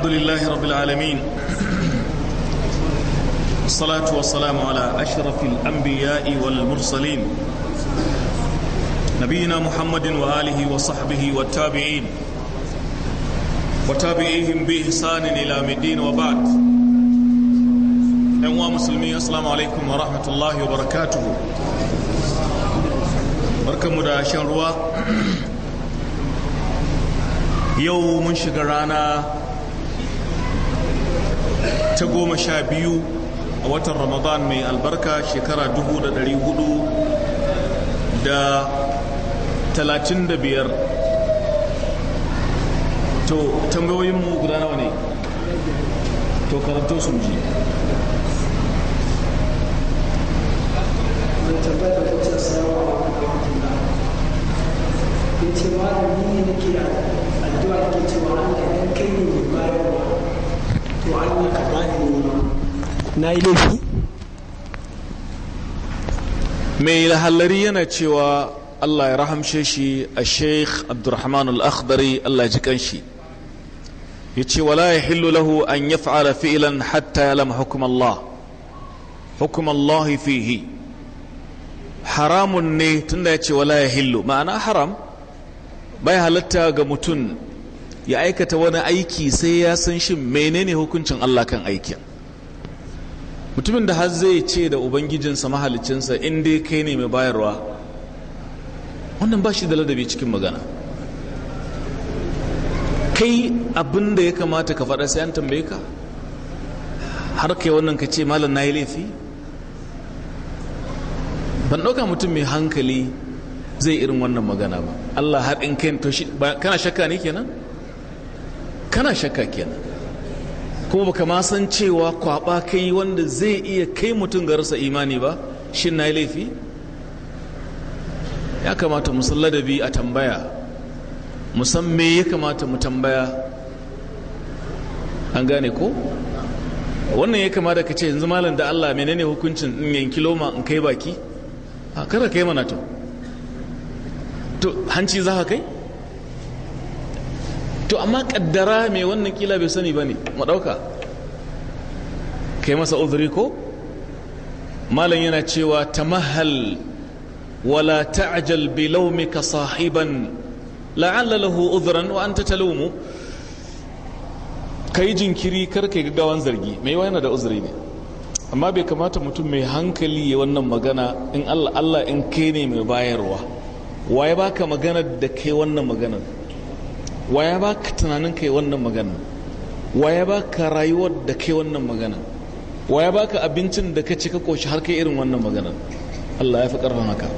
الحمد لله رب العالمين الصلاة والسلام على أشرف الأنبياء والمرسلين نبينا محمد وآله وصحبه والتابعين وتابعيهم بإحسان إلى مدين وبعد أيها مسلمين السلام عليكم ورحمة الله وبركاته بركة مداشرة يوم شكرانا ta goma sha biyu a watan ramadan mai albarka shekara 435 to tambayoyinmu guda nawa ne to karanto sun ji ya ce ma da ni ne nake addu'a da ke cewa an da kai ne mai bayarwa na yi mai lahallari yana cewa Allah ya rahamshe shi a sheikh abdurrahman al-akhdari Allah ji kanshi ya ce wala ya hillu lahu an ya fa'ala fi'ilan hatta ya lama hukum Allah hukum Allah fihi haramun ne tunda ya ce wala ya hillu ma'ana haram bai halatta ga mutum ya aikata wani aiki sai ya san shin menene hukuncin Allah kan aikin mutumin da har zai ce da ubangijinsa mahalicinsa in dai kai ne mai bayarwa wannan ba shi da ladabi cikin magana kai abin da ya kamata ka faɗa sai an tambaye ka har kai wannan ka ce malam na yi laifi ban ɗauka mutum mai hankali zai irin wannan magana ba Allah har in kai to shi kana shakka ne kenan kana shakka kenan kuma baka ma san cewa kwaba kai wanda zai iya kai mutum ga rasa imani ba shin na laifi ya kamata mu san ladabi a tambaya mu san me ya kamata mu tambaya an gane ko wannan ya kamata ka ce yanzu malam da Allah menene hukuncin in yanki loma in kai baki a kada kai mana to to hanci za ka kai to amma kaddara mai wannan kila bai sani ba ne maɗauka kai masa uzuri ko malam yana cewa ta mahal wala ta'jal bi laumika sahiban la'alla lahu udhran wa anta talumu kai jinkiri kar kai gaggawan zargi mai yana da uzuri ne amma bai kamata mutum mai hankali ya wannan magana in Allah in kai ne mai bayarwa Wa waye baka magana da kai wannan maganar waya ba ka tunanin kai wannan magana waya ba ka rayuwar da kai wannan magana waya ba ka abincin da ka ci ka koshi har kai irin wannan magana Allah ya fi ƙarfin haka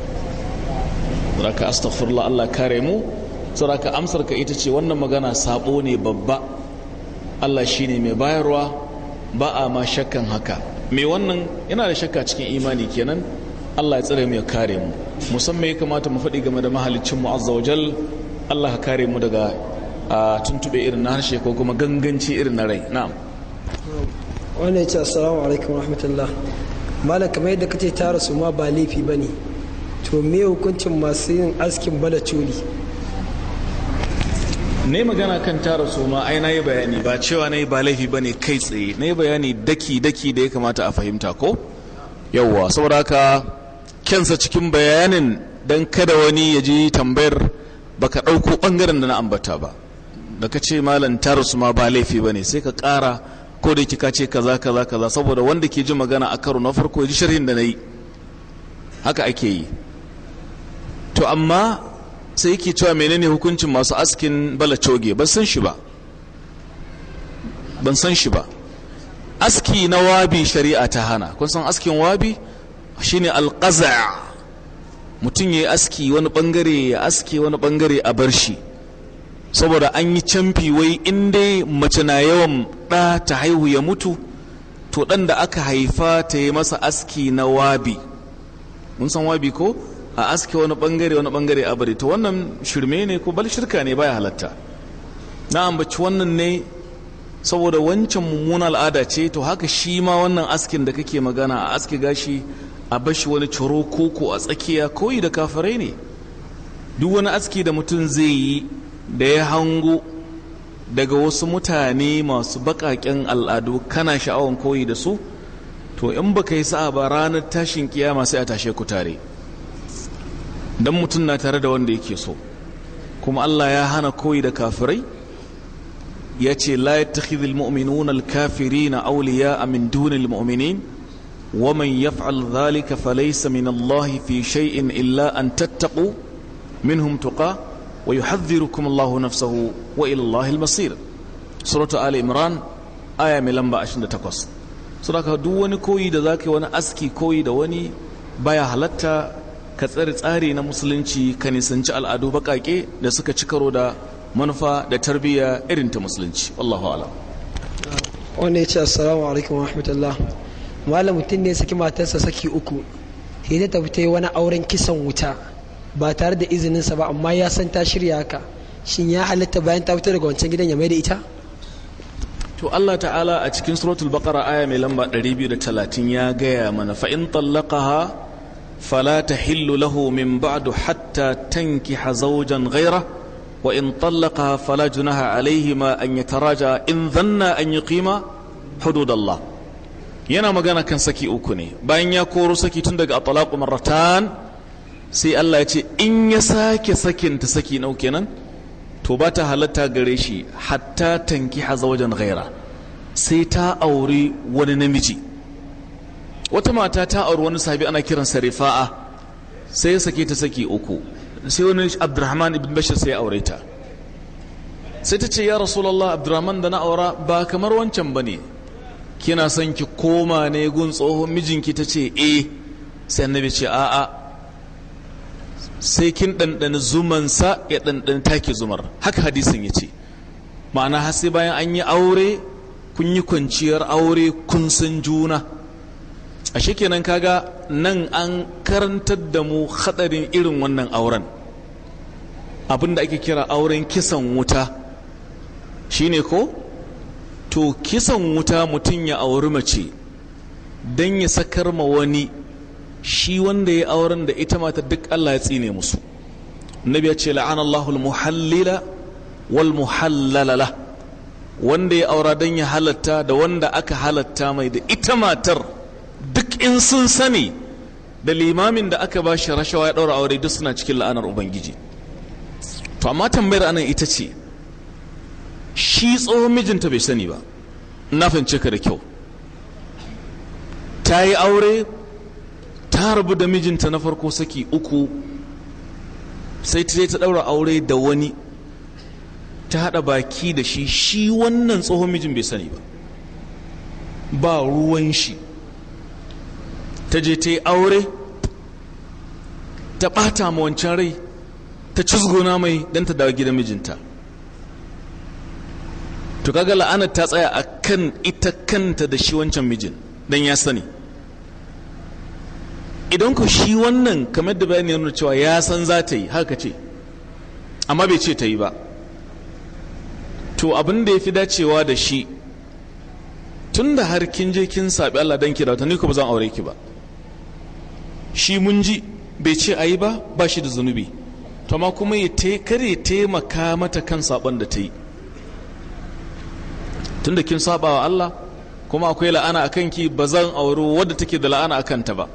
saraka astaghfirullah Allah kare mu saraka amsar ka ita ce wannan magana sabo ne babba Allah shine mai bayarwa ba a ma shakkan haka mai wannan yana da shakka cikin imani kenan Allah ya tsare mu ya kare mu musamman ya kamata mu faɗi game da mahaliccin mu azza Allah ka kare mu daga tuntube irin na harshe ko kuma ganganci irin na rai na'am wannan ce assalamu alaikum rahmatullah malam kamar yadda kace tara su ma ba laifi bane to me hukuncin masu yin askin bala coli ne magana kan tara su ma ai na yi bayani ba cewa na yi ba laifi ba ne kai tsaye na yi bayani daki-daki da ya kamata a fahimta ko yauwa saboda haka kyansa cikin bayanin don kada wani ya ji tambayar baka ɗauko ɓangaren da na ambata ba da ka ce malam su ma ba laifi ba ne sai ka ƙara ko da ka ce kaza kaza kaza saboda wanda ke ji magana a karo na farko ji sharhin da na yi haka ake yi to amma sai yake cewa menene hukuncin masu askin Bala Coge ban san shi ba ban san shi ba aski na wabi shari'a ta hana kun san askin wabi shine alqaza' mutum ya aski wani bangare ya aske wani bangare a bar shi saboda an yi camfi wai in dai mace na yawan ɗa ta haihu ya mutu to ɗan da aka haifa ta yi masa aski na wabi mun san wabi ko a aske wani bangare wani bangare a bari to wannan shirme ne ko bal shirka ne baya halatta na ambaci wannan ne saboda wancan mummuna al'ada ce to haka shi ma wannan askin da kake magana a aske gashi a bashi wani ko koko a tsakiya koyi da kafirai ne duk wani aski da mutum zai yi da ya hango daga wasu mutane masu baƙaƙen al'adu kana sha'awan koyi da su to in baka yi sa'a ba ranar tashin kiyama sai a tashe ku tare don mutum na tare da wanda yake so kuma Allah ya hana koyi da kafirai ya ce la yattakhidhul kafiri na kafirina awliya'a min dunil mu'minin ومن يفعل ذلك فليس من الله في شيء إلا أن تتقوا منهم تقى ويحذركم الله نفسه وإلى الله المصير سورة آل إمران آية ملنبا أشند تقص سورة دواني كوي دا ذاكي وانا أسكي كوي دا واني بايا هلتا كثير تاري نمسلنشي كان يسنج الأدو بكاكي دا سكا چكرو دا منفى دا تربية إرنت مسلنشي والله أعلم وانا يتشى السلام عليكم ورحمة الله malam mutum ne saki matarsa saki uku sai ta tafi ta yi wani auren kisan wuta ba tare da izininsa ba amma ya san ta shirya haka shin ya halitta bayan ta fita daga wancan gidan ya mai da ita to Allah ta'ala a cikin suratul baqara aya mai lamba 230 ya gaya mana fa in tallaqaha fala tahillu lahu min ba'du hatta tankiha zawjan ghayra wa in tallaqaha fala junaha alayhima an yataraja in dhanna an yuqima hududallah yana magana kan saki uku ne bayan ya koro saki tun daga atalaqu marratan sai Allah ya ce in ya sake sakin ta saki nau kenan to ba ta halatta gare shi hatta tanki haza wajen ghaira sai ta auri wani namiji wata mata ta auri wani sahabi ana kiran rifa'a sai ya sake ta saki uku sai wani Abdurrahman ibn Bashir sai ya aure ta sai ta ce ya Rasulullah Abdurrahman da na aura ba kamar wancan bane kina son ki koma ne gun tsohon mijinki ta ce eh sai annabi ce a'a sai kin ɗanɗani zumansa ya ɗanɗani ki zumar haka hadisin ya ce ma'ana har sai bayan an yi aure kun yi kwanciyar aure kun san juna a kenan kaga nan an karantar da mu haɗarin irin wannan auren abin da ake kira auren kisan wuta shine ko to kisan wuta mutum ya auri mace don ya sakar ma wani shi wanda ya auren da ita mata duk Allah ya tsine musu nabi ya ce la'an Allahul muhallila wal muhallalala wanda ya aura don ya halatta da wanda aka halatta mai da ita matar duk in sun sani da limamin da aka ba shi rashawa ya ɗaura aure duk suna cikin la'anar ubangiji to amma tambayar anan ita ce shi tsohon mijinta bai sani ba na fahimce ka da kyau ta yi aure ta rabu da mijinta na farko saki uku sai ta ta daura aure da wani ta haɗa baki da shi shi wannan tsohon mijin bai sani ba ba ruwan shi ta je ta yi aure ta ɓata ma wancan rai ta cizgona mai don ta dawo gidan mijinta to kaga la'anar ta tsaya a kan ita kanta da shi wancan mijin dan ya sani idan ku shi wannan kamar da bayani nuna cewa ya san za ta yi haka ce amma bai ce ta yi ba to abin da ya fi dacewa da shi tun da har kin je kin saɓi Allah dan ki ni ko ba zan aure ki ba shi mun ji bai ce a yi ba ba shi da zunubi to ma kuma ya kare taimaka mata kan saɓon da ta yi tunda kin saba wa Allah kuma akwai la'ana a kanki ba zan auri wadda take da la'ana a kanta ba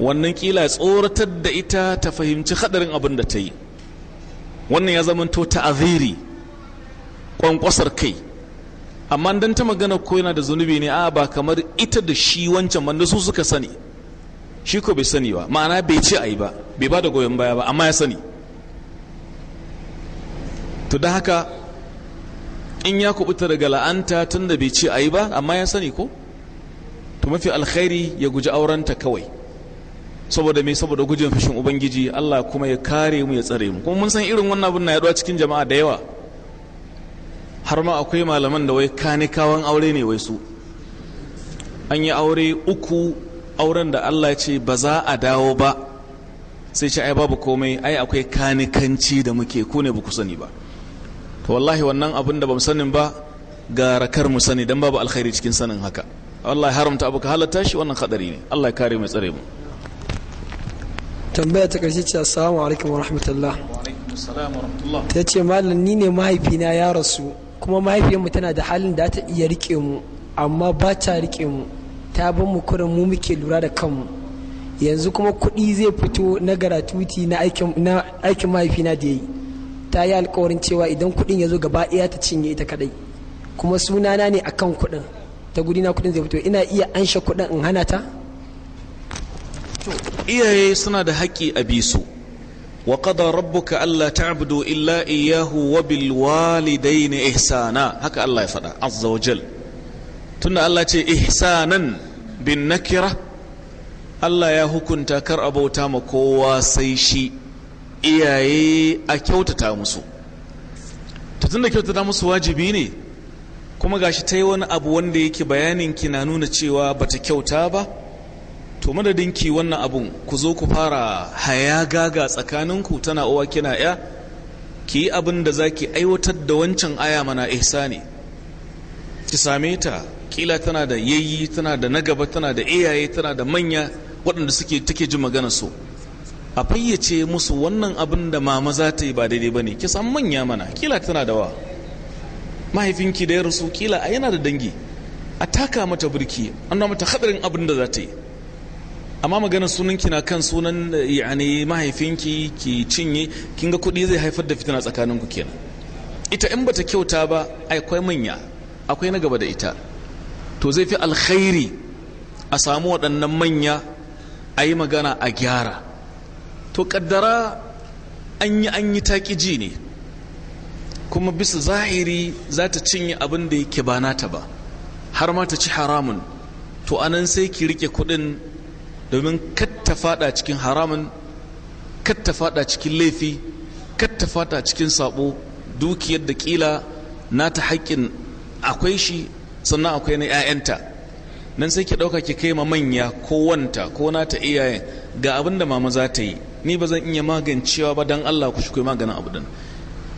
wannan kila tsoratar da ita ta fahimci hadarin abin da ta yi wannan ya zamanto aziri kwankwasar kai amma dan ta magana ko yana da zunubi ne a ba kamar ita da shi wancan wanda su suka sani shi ko bai sani ba ma'ana bai ce a yi ba bai ba da goyon baya ba amma ya sani to da haka in ya kubuta daga la'anta tun da bai ce a yi ba amma ya sani ko to mafi alkhairi ya guji aurenta kawai saboda mai saboda gujin fushin ubangiji Allah kuma ya kare mu ya tsare mu kuma mun san irin wannan abin na yaduwa cikin jama'a da yawa har ma akwai malaman da wai kawan aure ne wai su an yi aure uku auren da Allah ya ce ba za a dawo ba sai ce ai babu komai ai akwai kanikanci da muke ku ne ba ku sani ba to wallahi wannan abin da ba mu sanin ba ga rakar mu sani dan babu alkhairi cikin sanin haka wallahi haramta abu ka halatta shi wannan kadari ne Allah ya kare mu tsare mu tambaya ta karshe ce assalamu alaikum wa rahmatullah ta ce mallan ni ne mahaifina ya rasu kuma mahaifiyarmu tana da halin da ta iya rike mu amma ba ta rike mu ta ban mu kurin mu muke lura da kanmu yanzu kuma kuɗi zai fito na garatuti na aikin mahaifina da ya yi ta yi alkawarin cewa idan kuɗin ya zo gaba ɗaya ta cinye ita kadai kuma sunana ne akan kuɗin ta gudina kuɗin zai fito ina iya ansha kuɗin in hana ta iyaye suna da haƙƙi a bisu wa qada rabbuka alla ta'budu illa iyyahu wa bil walidayni ihsana haka Allah ya faɗa azza wa jal tunda Allah ce ihsanan bin nakira Allah ya hukunta kar abauta ma kowa sai shi iyaye a kyautata musu ta tunda kyautata musu wajibi ne kuma gashi ta yi wani abu wanda yake bayanin ki na nuna cewa bata kyauta ba to madadin ki wannan abun ku zo ku fara haya gaga tsakaninku tana uwa kina ya ki yi abin da za ki aiwatar da wancan aya mana ihsani ki same ta kila tana da yayi tana da na gaba tana da iyaye tana da manya waɗanda suke take ji magana su. a fayyace musu wannan abin da mama za ta yi ba daidai ba ne ki san manya mana kila tana da wa mahaifinki da ya rasu kila a yana da dangi a taka mata birki an mata hadarin abin da za ta yi amma magana sunanki na kan sunan eh, yani mahaifinki ki cinye kin ga kuɗi zai haifar da fitina tsakanin ku kenan ita in bata kyauta ba akwai manya akwai na gaba da ita to zai fi alkhairi a samu waɗannan manya a yi magana a gyara to kaddara an yi an yi ji ne kuma bisa zahiri za ta cinye abin da yake ba nata ba har ma ta ci haramun to anan sai ki rike kudin domin katta fada cikin haramun katta fada cikin laifi katta fada cikin sabo dukiyar da kila nata haƙƙin akwai shi sannan akwai na 'ya'yanta nan sai ki ɗauka ki kai ma manya ko wanta ko nata iyayen ga abin da mama za ta yi ni ba zan iya magancewa ba don Allah ku shi maganin abu din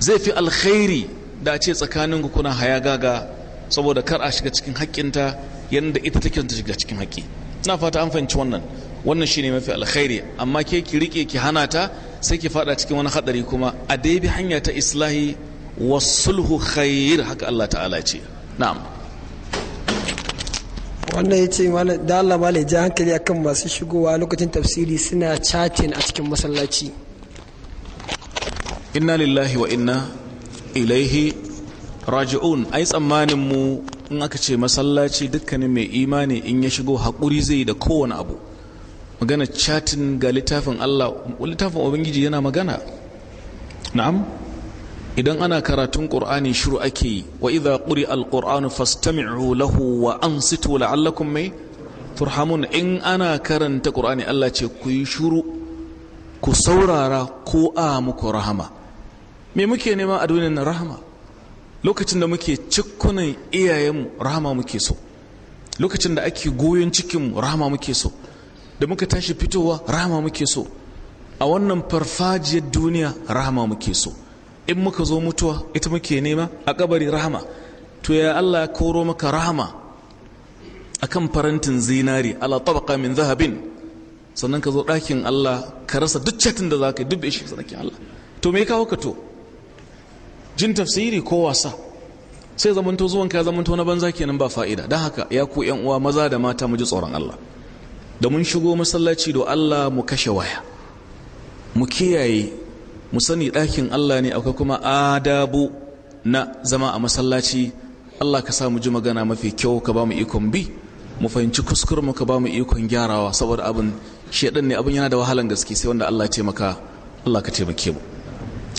zai fi alkhairi da a ce tsakaninku kuna haya gaga saboda kar a shiga cikin haƙƙinta yadda ita take ta shiga cikin haƙƙi ina fata an fahimci wannan wannan shine mafi alkhairi amma ke ki rike ki hana ta sai ki fada cikin wani hadari kuma a dai hanya ta islahi wasulhu khair haka Allah ta'ala ce na'am wannan ya ce da Allah ma ja hankali akan masu shigowa lokacin tafsiri suna chatin a cikin masallaci inna lillahi wa inna ilaihi raji'un ai tsammanin mu in aka ce masallaci dukkanin mai imani in ya shigo haƙuri zai yi da kowane abu magana chatin ga littafin Allah littafin ubangiji yana magana na'am idan ana karatun ƙur'ani shiru ake yi wa ƙuri quri alqur'anu fastami'u lahu wa ansitu la'allakum mai turhamun in ana karanta ƙur'ani Allah ce ku yi shiru ku saurara ko a muku rahama me muke nema a duniyar rahama lokacin da muke cikkunan iyayenmu rahama muke so lokacin da ake goyon cikinmu rahama muke so da muka tashi fitowa rahama muke so a wannan farfajiyar duniya rahama muke so in muka zo mutuwa ita muke nema a kabari rahama to ya Allah ya koro maka rahama a kan farantin zinari ala tabaka min zahabin sannan ka zo ɗakin Allah ka rasa duk catin da yi duk bai shi sanakin Allah to me kawo ka to jin tafsiri ko wasa sai zamanto zuwan ka zamanto na banza kenan ba fa'ida don haka ya ku yan uwa maza da mata mu ji tsoron Allah da mun shigo masallaci do Allah mu kashe waya mu kiyaye mu sani ɗakin Allah ne akwai kuma adabu na zama a masallaci Allah ka sa mu ji magana mafi kyau ka ba mu ikon bi mu fahimci kuskurmu ka ba mu ikon gyarawa saboda abin shedan ne abin yana da wahalan gaske sai wanda Allah ya taimaka Allah ka taimake mu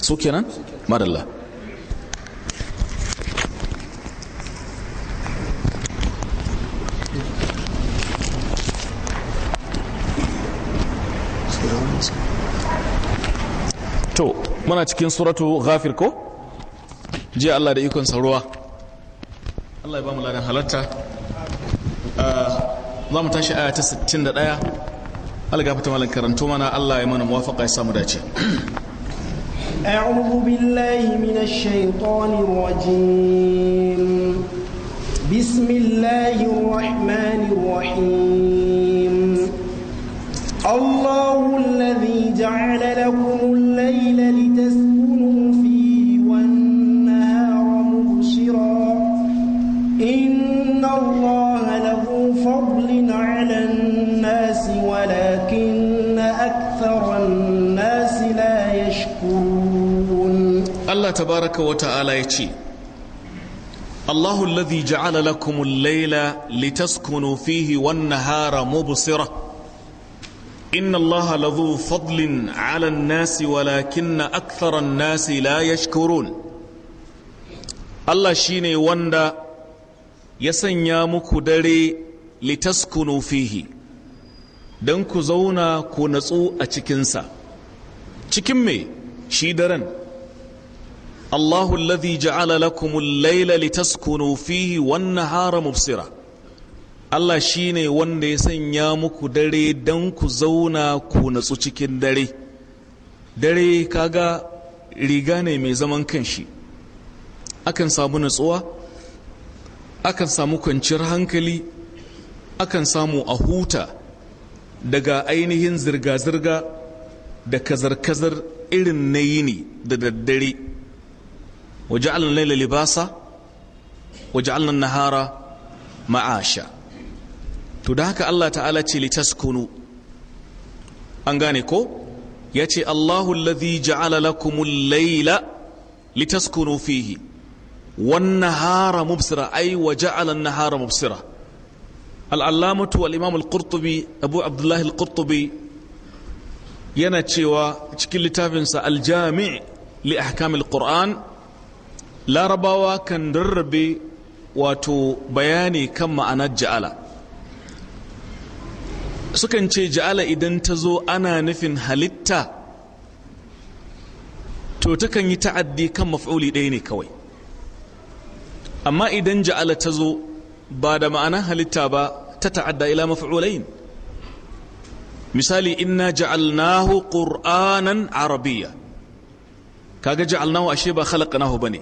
so kenan madalla muna cikin suratu ghafir ko jiya Allah da ikon ruwa Allah ya ba mu ladan halatta ah, za mu tashi aya ta 61 algafata malan karanto mana Allah ya mana muwafaqa ya samu dace أعوذ بالله من الشيطان الرجيم بسم الله الرحمن الرحيم الله الذي جعل لكم الليل لتسكنوا فيه والنهار مبشرا إن الله له فضل على الناس ولكن أكثر الناس لا يشكرون الله تبارك وتعالى يتي الله الذي جعل لكم الليل لتسكنوا فيه والنهار مبصرا إن الله لذو فضل على الناس ولكن أكثر الناس لا يشكرون الله شيني وندا يسن يامك دري لتسكنوا فيه دنك زونا كونسو أتكنسا تكمي شيدرا الله الذي جعل لكم الليل لتسكنوا فيه والنهار مبصرا Allah shi ne wanda ya sanya muku dare don ku zauna ku natsu cikin dare dare kaga riga ne mai zaman kanshi akan samu natsuwa akan samu kwanciyar hankali akan samu a huta daga ainihin zirga-zirga da kazar-kazar irin na yini da daddare waje alin laila libasa waje alin nahara ma'asha to da haka Allah ta'ala ce litaskunu an gane ko ya ce Allahu alladhi ja'ala lakumul layla litaskunu fihi wan nahara mubsira ay wa ja'ala an-nahara mubsira al-allamatu wal imam al-qurtubi abu abdullah al-qurtubi yana cewa cikin littafinsa al-jami' li ahkam al-qur'an larabawa kan rarrabe wato bayani kan ma'anar ja'ala sukan ce ja'ala idan ta zo ana nufin halitta to takan yi ta'addi kan maf'uli ɗaya ne kawai amma idan ja'ala ta zo ba da ma'anar halitta ba ta ta'adda ila maf'ulain misali inna ja'alnahu qur'anan arabiyya kaga ja'alnahu ashe ba khalaqnahu bane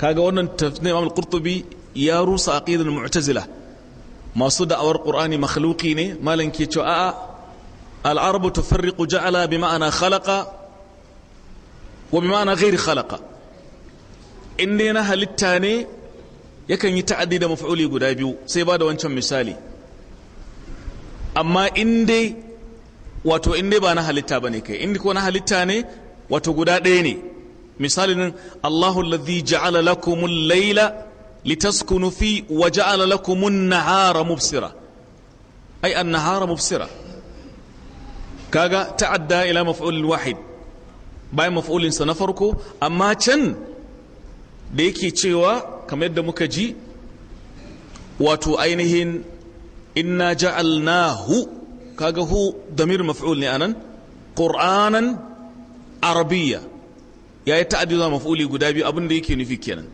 kaga wannan tafsir Imam al-Qurtubi ya rusa aqidar Mu'tazila masu da'awar qur'ani makhluki ne malam ke cewa a'a al'arabu tufarriqu ja'ala bi ma'ana khalaqa wa bi ma'ana ghairi khalaqa in na halitta ne yakan yi ta'addi da maf'uli guda biyu sai ba da wancan misali amma in dai wato in dai ba na halitta bane kai in ko na halitta ne wato guda ɗaya ne misalin Allahu alladhi ja'ala lakumul layla litaskunufi fi wa ja'ala lakum mubsira ay an-nahara mubsira kaga ta'adda ila maf'ul wahid bayan maf'ulin sa na farko amma can da yake cewa kamar yadda muka ji wato ainihin inna ja'alnahu kaga hu damir maf'ul ne anan arabiya arabiyya yayi ta'addi zuwa maf'uli guda biyu abin da yake nufi kenan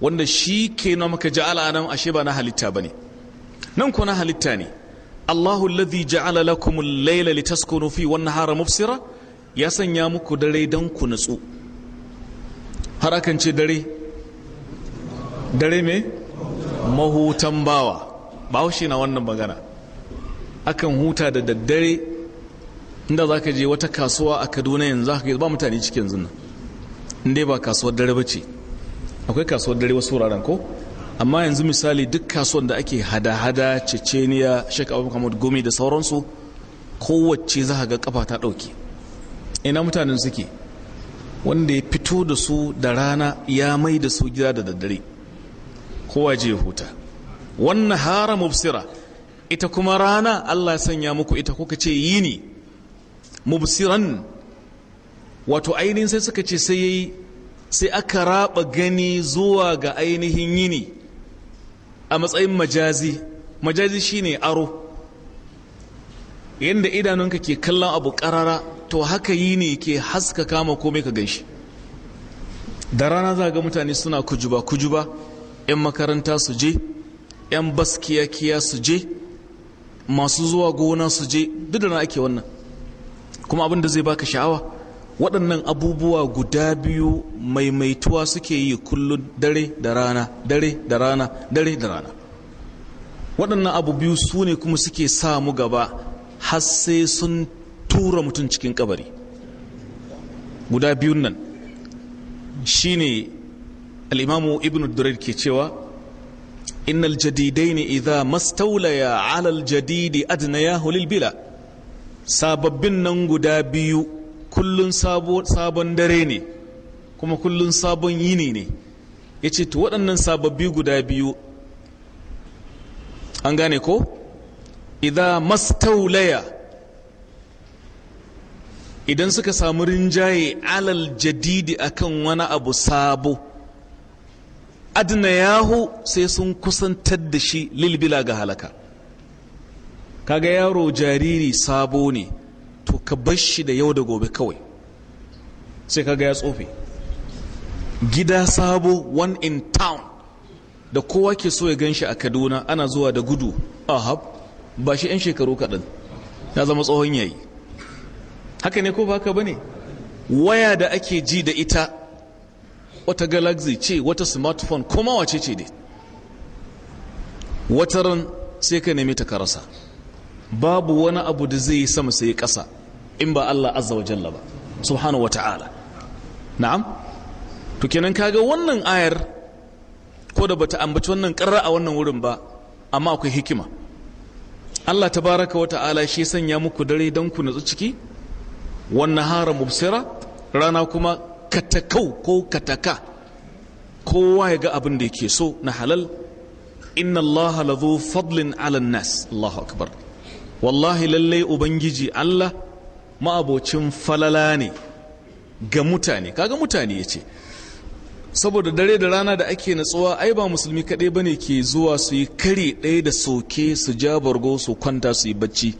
wanda shi ke na maka ja'ala adam ashe ba na halitta ba ne nan ko na halitta ne Allahu alladhi ja'ala lakum al-layla litaskunu fi wan-nahara mubsira ya sanya muku dare dan ku nutsu har akan ce dare dare me mahutan bawa ba shi na wannan magana akan huta da daddare inda za ka je wata kasuwa a kaduna yanzu za ka ba mutane cikin zina inda ba kasuwar dare ba ce akwai kasuwar dare wasu wuraren ko amma yanzu misali duk kasuwar da ake hada-hada ceceniya shek abu kamar gumi da sauransu kowace za ga kafa ta ɗauke ina mutanen suke wanda ya fito da su da rana ya mai da su gida da daddare kowa je huta wannan hara mubsira ita kuma rana allah ya sanya muku ita kuka ce yini mubsiran wato ainihin sai suka ce sai ya yi sai aka raba gani zuwa ga ainihin yini a matsayin majazi majazi shine aro yadda idanunka ke kallon abu karara to haka yi ne ke haska kama komai ka ganshi da rana za ga mutane suna kujuba kujuba 'yan makaranta su je 'yan baskiya-kiya su je masu zuwa gona su je duk da na ake wannan kuma abin da zai baka sha'awa waɗannan abubuwa guda biyu maimaituwa suke yi kullum dare da rana dare da rana dare da rana waɗannan abu biyu su ne kuma suke samu gaba har sai sun tura mutum cikin kabari guda biyun nan shine al'imamu ibn durar ke cewa innal jadidai ne idha mastaulaya alal jadidi adnaya hulil bila sababbin nan guda biyu kullun sabon dare ne kuma kullun sabon yini ne ya ce to waɗannan sababbi guda biyu an gane ko idan mastaulaya idan suka samu rinjaye alal jadidi akan wani abu sabo adna yahu sai sun kusantar da shi lilbila ga halaka kaga yaro jariri sabo ne to ka bar shi da yau da gobe kawai sai ga ya tsofe gida sabo one in town da kowa ke so ya gan shi a kaduna ana zuwa da gudu ahab ba shi 'yan shekaru kaɗan ya zama tsohon yayi haka ne ko ba haka ba ne waya da ake ji da ita wata galaxy ce wata smartphone kuma wace ce dai wataran sai ka nemi ta karasa babu wani abu da zai sama sai ƙasa in ba Allah azza wa jalla ba subhanahu wata'ala na'am to kenan kaga wannan ayar ko da bata ambaci wannan ƙarra a wannan wurin ba amma akwai hikima Allah tabaraka wa ta'ala shi sanya muku dare don ku natsu ciki wannan hara mubsira rana kuma katakau ko kataka kowa ya ga abin da yake so na halal inna Allah lazu fadlin ala nas Allahu akbar wallahi lallai ubangiji Allah ma'abocin falala ne ga mutane kaga mutane ya ce saboda dare da rana da ake natsuwa ai ba musulmi kaɗai ba ne ke zuwa su yi kare ɗaya da soke su ja bargo su kwanta su yi bacci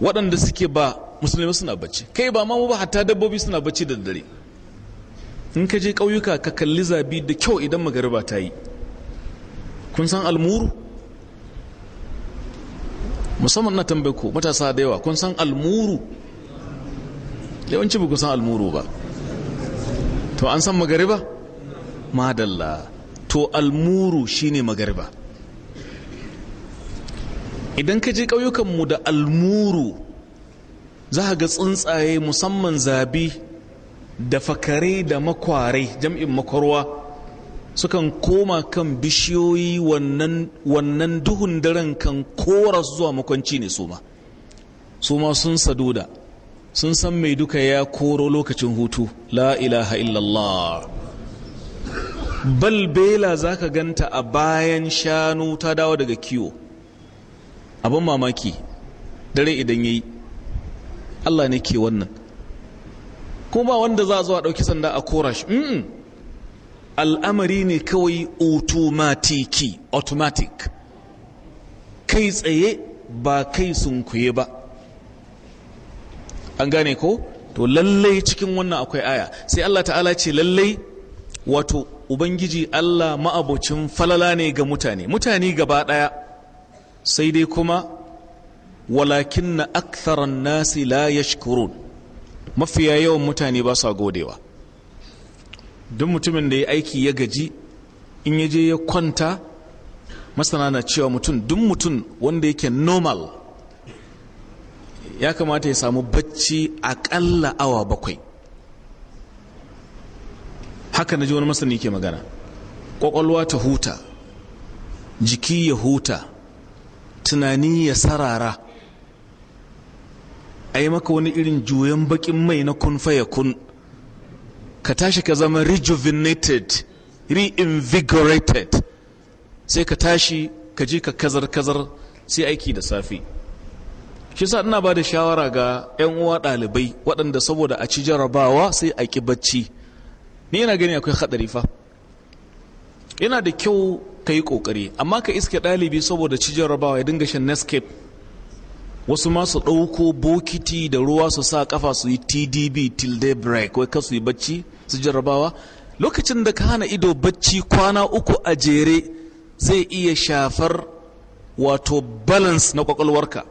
waɗanda suke ba musulmi suna bacci kai ba mamu ba hatta dabbobi suna bacci da dare in ka je ƙauyuka ka kalli zabi da kyau idan magariba ta yi kun san almuru musamman na tambayi ku matasa da yawa kun san almuru yawanci ba ku san almuru ba to an san magariba madalla to almuru shine magariba idan ka je ƙauyukanmu da almuru za ga tsuntsaye musamman zabi da fakare da makware jam'in makwarwa sukan koma kan bishiyoyi wannan duhun daren kan kora zuwa makwanci ne su ma su ma sun saduda sun san mai duka ya koro lokacin hutu la ilaha illallah bal bela za ka ganta a bayan shanu ta dawo daga kiwo abin mamaki dare idan ya yi allah ne ke wannan kuma ba wanda za a zo a ɗauki sanda a kora shi al'amari ne kawai otomatiki automatic kai tsaye ba kai sunkuye ba an gane ko to lallai cikin wannan akwai aya sai Allah ta'ala ce lallai wato ubangiji Allah ma'abocin falala ne ga mutane mutane gaba daya sai dai kuma walakin na aktharan nasi la yashkurun mafiya yawan mutane ba sa godewa duk mutumin da ya aiki ya gaji in ya je ya kwanta masana na cewa mutum duk mutum wanda yake normal ya kamata ya samu bacci aƙalla awa bakwai haka na ji wani masani ke magana ƙwaƙwalwa ta huta jiki ya huta tunani ya sarara a yi maka wani irin juyan baƙin mai na kunfa faya kun ka tashi ka zama rejuvenated reinvigorated sai ka tashi ka ji ka kazar-kazar sai aiki da safe shi sa ina ba da shawara ga 'yan uwa ɗalibai waɗanda saboda a ci jarabawa sai a ƙi bacci ni yana gani akwai haɗari fa yana da kyau ka yi ƙoƙari amma ka iske ɗalibi saboda ci jarabawa ya dinga shan nescape wasu masu ɗauko bokiti da ruwa su sa kafa su yi tdb till day break wai kasu yi bacci su jarrabawa lokacin da ka hana ido bacci kwana uku a jere zai iya shafar wato balance na kwakwalwarka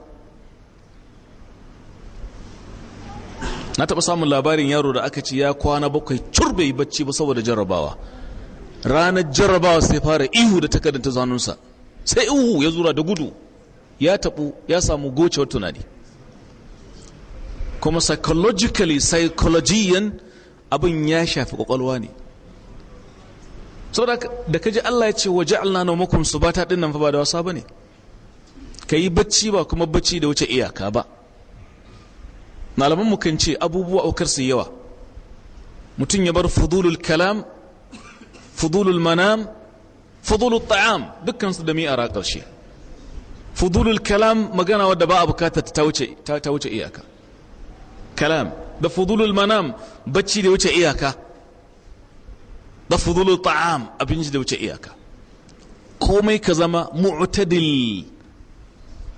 na taɓa samun labarin yaro da aka ci ya kwana bakwai curbe yi bacci ba saboda jarrabawa ranar jarrabawa sai fara ihu da takardar ta zanunsa sai ihu ya zura da gudu ya taɓu ya samu gocewar tunani kuma psychologically psychologian abin ya shafi kwakwalwa ne saboda da ji Allah ya ce waje Allah na makon su ba ta ɗin nan fa ba da wasa ba ne ka yi bacci ba kuma bacci da wuce iyaka ba malaman kan ce abubuwa aukar su yawa mutum ya bar fudulul kalam fudulul manam fudulul ta'am dukkan su da mi a ƙarshe فضول الكلام مغانا ودبا ابكات تاوچي تاوچي اياكا كلام ده فضول المنام بچي دي وچي اياكا ده فضول الطعام ابينج دي وچي اياكا كومي كزما معتدل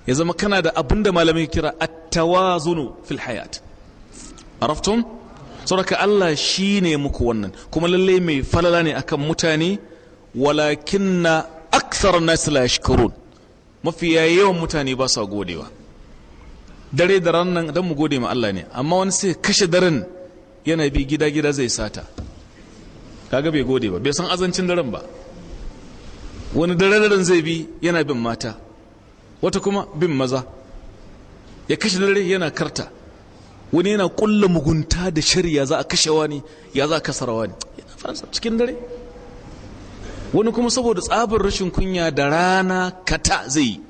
يا زما كانا ده ابند مالمي كرا التوازن في الحياه عرفتم صرك الله شيني مكو ونن كما للي مي فلالاني اكا متاني ولكن اكثر الناس لا يشكرون mafiya yawan mutane ba sa godewa dare da ranar don mu gode ma Allah ne amma wani sai kashe daren yana bi gida gida zai sata kaga bai gode ba bai san azancin daren ba wani dare daren zai bi yana bin mata wata kuma bin maza ya kashe dare yana karta wani yana kulla mugunta da shari'a za a kashe wani ya za a kasarawa ne cikin dare wani kuma saboda tsabar rashin kunya da rana kata zai yi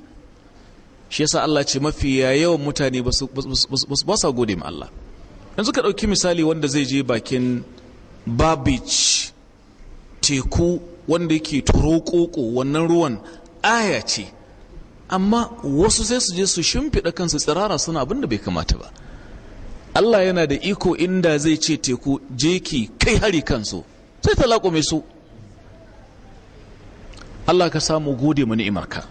shi yasa Allah ce mafi yawan mutane ba sa gode ma Allah yanzu ka ɗauki misali wanda zai je bakin babich teku wanda yake turo koko wannan ruwan aya ce amma wasu sai su je su shimfiɗa kansu tsirara suna abin da bai kamata ba Allah yana da iko inda zai ce teku je ki kai hari kansu sai ta mai su Allah ka samu gode mu ni'imarka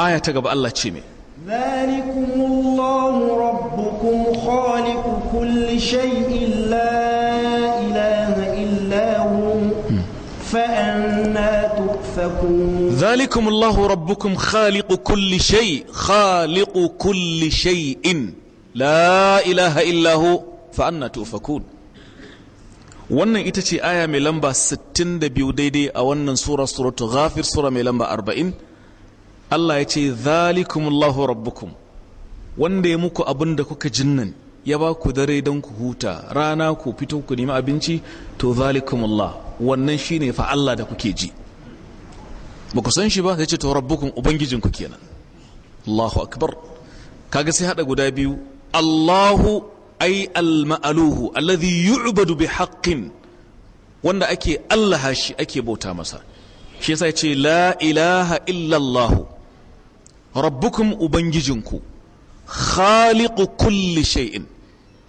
aya ta gaba Allah ce me zalikumullahu rabbukum khaliqu kulli shay'in la ilaha illa hu فأنا تؤفكون ذلكم الله ربكم خالق كل شيء خالق كل شيء لا إله إلا هو فأنا تؤفكون wannan ita ce aya mai lamba 62 daidai a wannan sura suratu ghafir sura mai lamba 40 Allah ya ce Allahu rabbukum wanda ya muku abin da kuka jinnan ya ba ku dare don ku huta rana ku fito ku nemi abinci to Allah wannan shine fa Allah da kuke ji ba ku san shi ba sai ce to rabbukum ku kenan Allahu akbar kaga sai hada guda biyu Allahu ai al-ma'aluhu alladhi yu'badu bi haqqin wanda ake allaha shi ake bauta masa shi yasa yace la ilaha illa Allah rabbukum ubangijinku khaliqu kulli shay'in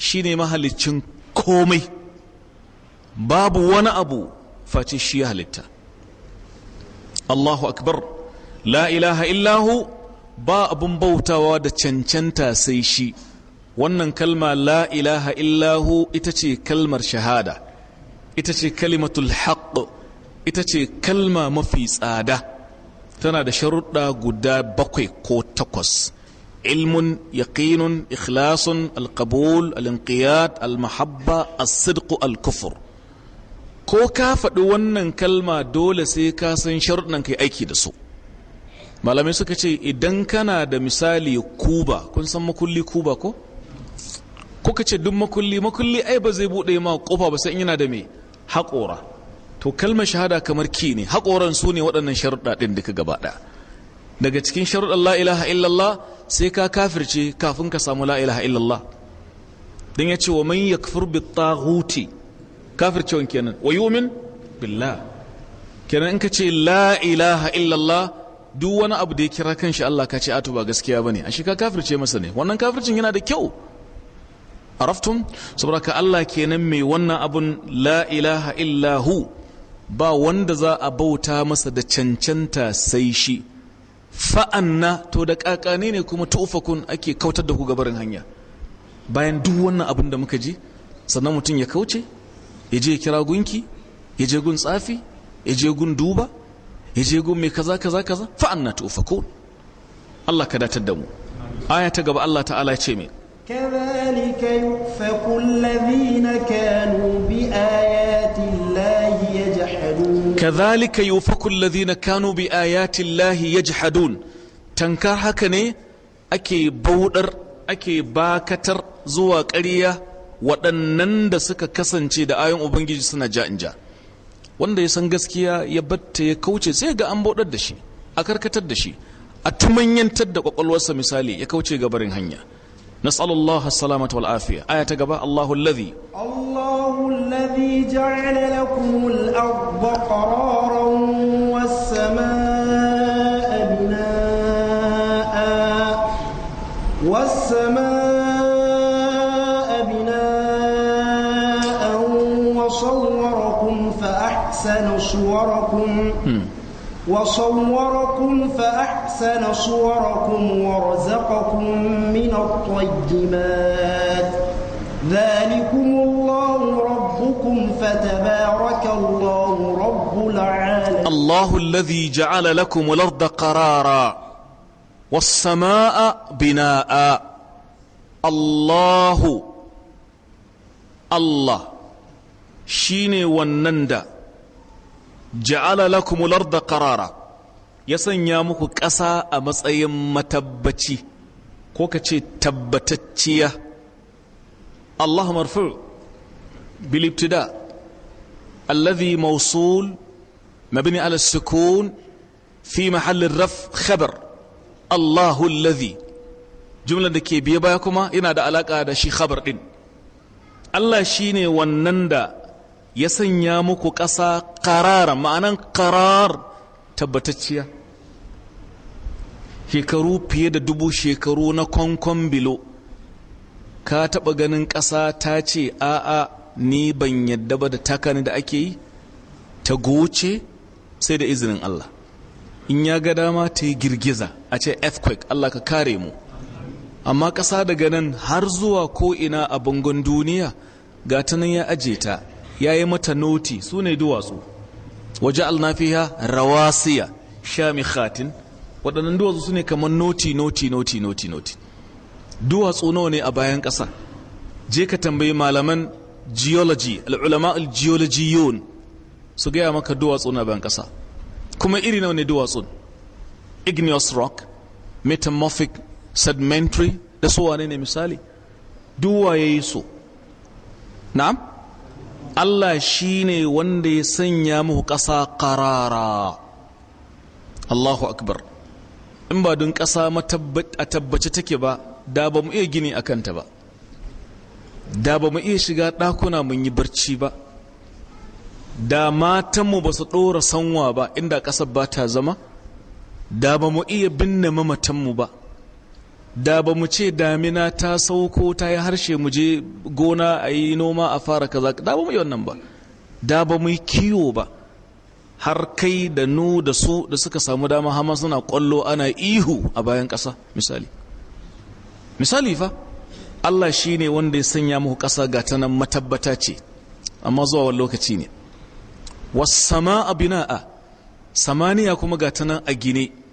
shine mahalicin komai babu wani abu face shi ya halitta Allahu akbar la ilaha illahu ba abun bautawa da cancanta sai shi wannan kalma la ilaha illahu ita ce kalmar shahada ita ce kalimatul haqq ita ce kalma mafi tsada tana da sharuɗa guda bakwai ko takwas ilmun yaqinun ikhlasun alqabul alinqiyad almahabba as-sidq alkufur ko ka faɗi wannan kalma dole sai ka san sharuɗan kai aiki da su malamai suka ce idan kana da misali kuba kun san makulli kuba ko ko ka ce duk makulli makulli ai ba zai buɗe ma kofa ba sai in yana da me haƙora to kalmar shahada kamar ki ne haƙoran su ne waɗannan sharuɗa ɗin duka gaba ɗaya daga cikin sharuɗan la ilaha illallah sai ka kafirce kafin ka samu la ilaha illallah dan ya ce wa man yakfur bi taghuti kafircewan kenan wa yu'min billah kenan in ka ce la ilaha illallah duk wani abu da ya kira kanshi Allah ka ce atu ba gaskiya bane ashe ka kafirce masa ne wannan kafircin yana da kyau Araftun, saboda ka Allah kenan mai wannan abun la ilaha illa ba wanda za a bauta masa da cancanta sai shi fa'anna to da kakane ne kuma tufakun ake kautar da ku gabarin hanya bayan duk wannan abun da muka ji sannan mutum ya kauce ya je kira gunki ya je gun tsafi ya je gun duba ya je gun mai kaza kaza kaza fa'anna tufakun Allah ka datar da mu aya ta gaba Allah ta'ala ya ce mai كذلك يؤفك الذين كانوا بآيات الله يجحدون كذلك يؤفك الذين كانوا بآيات الله يجحدون تنكر هكني أكي بودر أكي باكتر زوا waɗannan da suka kasance da ayon ubangiji suna ja in ja wanda ya san gaskiya ya batta ya kauce sai ga an bauɗar da shi a karkatar da shi a tumanyantar da ƙwaƙwalwarsa misali ya kauce ga barin hanya نسأل الله السلامة والعافية آية تقبى الله الذي الله الذي جعل لكم الأرض قرارا والسماء بناء والسماء بناء وصوركم فأحسن صوركم وصوركم فأحسن صوركم ورزقكم من الطيبات ذلكم الله ربكم فتبارك الله رب العالمين الله الذي جعل لكم الأرض قرارا والسماء بناء الله الله شيني والنندا ja'ala lakumul arda qarara ya sanya muku ƙasa a matsayin matabbaci ko ka ce tabbatacciya Allah marfu bil ibtida alladhi mawsul mabni ala sukun fi mahall raf khabar Allahu alladhi jumlar da ke biye baya kuma yana da alaka da shi khabar din Allah shine wannan da ya sanya muku ƙasa ƙarara ma'anan ƙarar tabbatacciya shekaru fiye da dubu shekaru na kwankwan bilo ka taɓa ganin ƙasa ta ce a'a ni ban yadda ba da takani da ake yi ta goce sai da izinin Allah in ya ga dama ta yi girgiza a ce earthquake Allah ka kare mu amma ƙasa daga nan har zuwa ko ina a bangon duniya ga ta nan ya aje ta ya yi mata noti su ne duwatsu waje alnafiya rawasiya shamikhatin waɗannan duwatsu su ne kamar noti noti noti noti noti duwatsu nawa ne a bayan ƙasa je ka tambayi malaman geology al'ulama al-geologiyon su gaya maka duwatsu na bayan ƙasa kuma iri nawa ne duwatsu igneous rock metamorphic sedimentary da su wane ne misali duwaye su na'am Allah shi ne wanda ya sanya muku ƙasa ƙarara Allahu akbar in ba don ƙasa a tabbace take ba da ba mu iya gini a kanta ba da ba mu iya shiga ɗakuna mun yi barci ba da matanmu ba su ɗora sanwa ba inda ƙasar ba ta zama da ba mu iya binne mamatanmu ba da ba mu ce damina ta sauko ta yi harshe mu je gona a yi noma a fara kaza da ba mu yi wannan ba da ba mu yi kiwo ba har kai da nu da su da suka samu dama hama suna kwallo ana ihu a bayan ƙasa misali misali fa Allah shi ne wanda ya sanya muku ƙasa ga ta nan matabbata ce amma zuwa wani lokaci ne bina a samaniya kuma ga ta nan a gine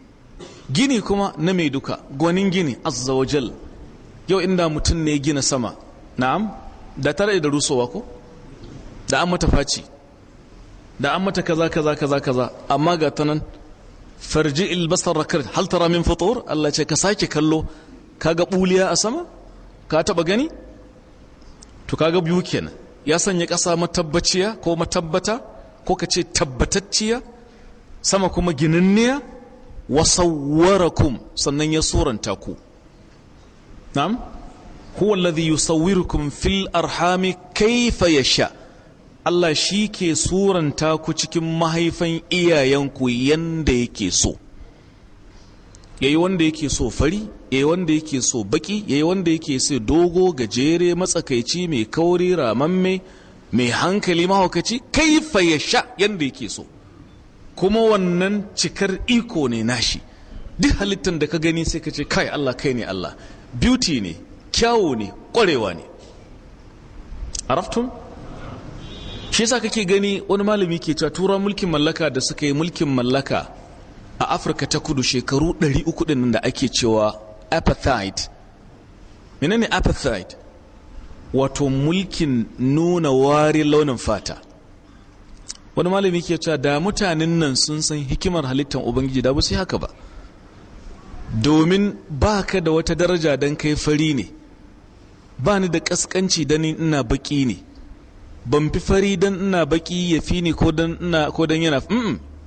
gini kuma na mai duka gwanin gini azza wa jal yau inda mutum ne gina sama na'am da tare da rusowa ko da an mata faci da an mata kaza kaza kaza kaza amma ga ta nan farji ilbasar rakar hal tara min fitur Allah ce ka sake kallo kaga buliya a sama ka taba gani to kaga biyu kenan ya sanya kasa matabbaciya ko matabbata ko ka ce tabbatacciya sama kuma gininniya wasawwarakum sannan ya suranta ku na'am huwa alladhi yusawwirukum fil arhami kayfa yasha Allah shi ke suranta ku cikin mahaifan iyayenku yanda yake so yayi wanda yake so fari yayi wanda yake so baki yayi wanda yake so dogo gajere matsakaici mai kauri ramamme mai hankali mahaukaci kaifa yasha yanda yake so kuma wannan cikar iko ne nashi duk halittar da ka gani sai ka ce kai Allah kai ne Allah beauty ne kyawu ne kwarewa ne araftun shi yasa kake gani wani malami ke cewa turan mulkin mallaka da suka yi mulkin mallaka a afirka ta kudu shekaru 300 din da ake cewa apartheid menene apartheid wato mulkin nuna wari launin fata wani malami ke cewa da mutanen nan sun san hikimar halittar ubangiji da ba su haka ba domin ba ka da wata daraja don kai fari ne ba ni da ƙasƙanci don ina baƙi ne ban fi fari don ina baƙi ya fi ni ko don yana fi?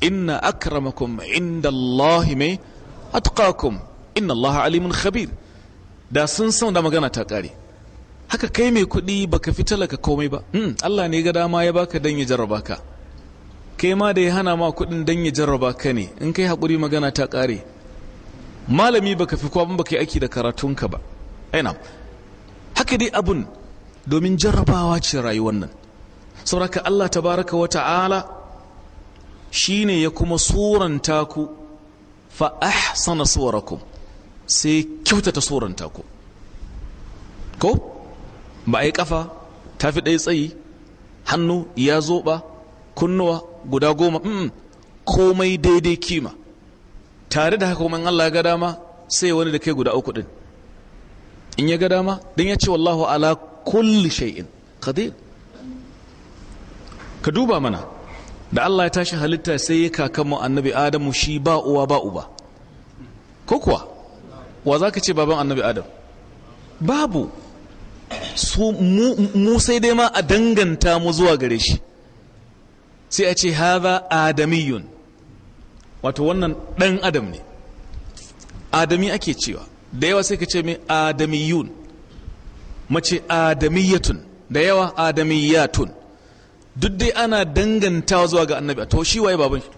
inna akramakum inda Allah mai atqakum inna Allah alimun khabir da sun san da magana ta ƙare haka kai mai kuɗi baka fi talaka komai ba Allah ne ga dama ya baka don ya jarraba ka kai ma da ya hana ma kuɗin don ya jarraba ka ne in kai haƙuri magana ta ƙare malami baka fi kwabin baka yi aiki da karatunka ba aina haka dai abun domin jarrabawa ce rayuwar nan sauraka Allah baraka wa ta'ala shine ya kuma suranta ku fa ahsana suwarakum sai kyautata suranta ku ko ba a yi kafa fi ɗaya tsayi hannu ya zoɓa kunnuwa guda goma mm, komai daidai kima tare da haka Allah ya ga dama sai wani da kai guda uku din in ya ga dama don ya ce wallahu ala kulli shay'in qadir ka duba mana da Allah ya tashi halitta sai ya kakanmu annabi Adamu shi ba uwa ba uba ko kuwa wa zaka ce baban annabi Adam babu su mu sai dai ma a danganta mu zuwa gare shi sai a ce haza adamiyun wato wannan ɗan adam ne adami ake cewa da yawa sai ka ce mai adamiyun mace adamiyatun da yawa adamiyatun duk dai ana dangantawa zuwa ga annabi to wa waye baban shi